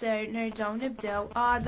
ser nerġaw nibdew għada.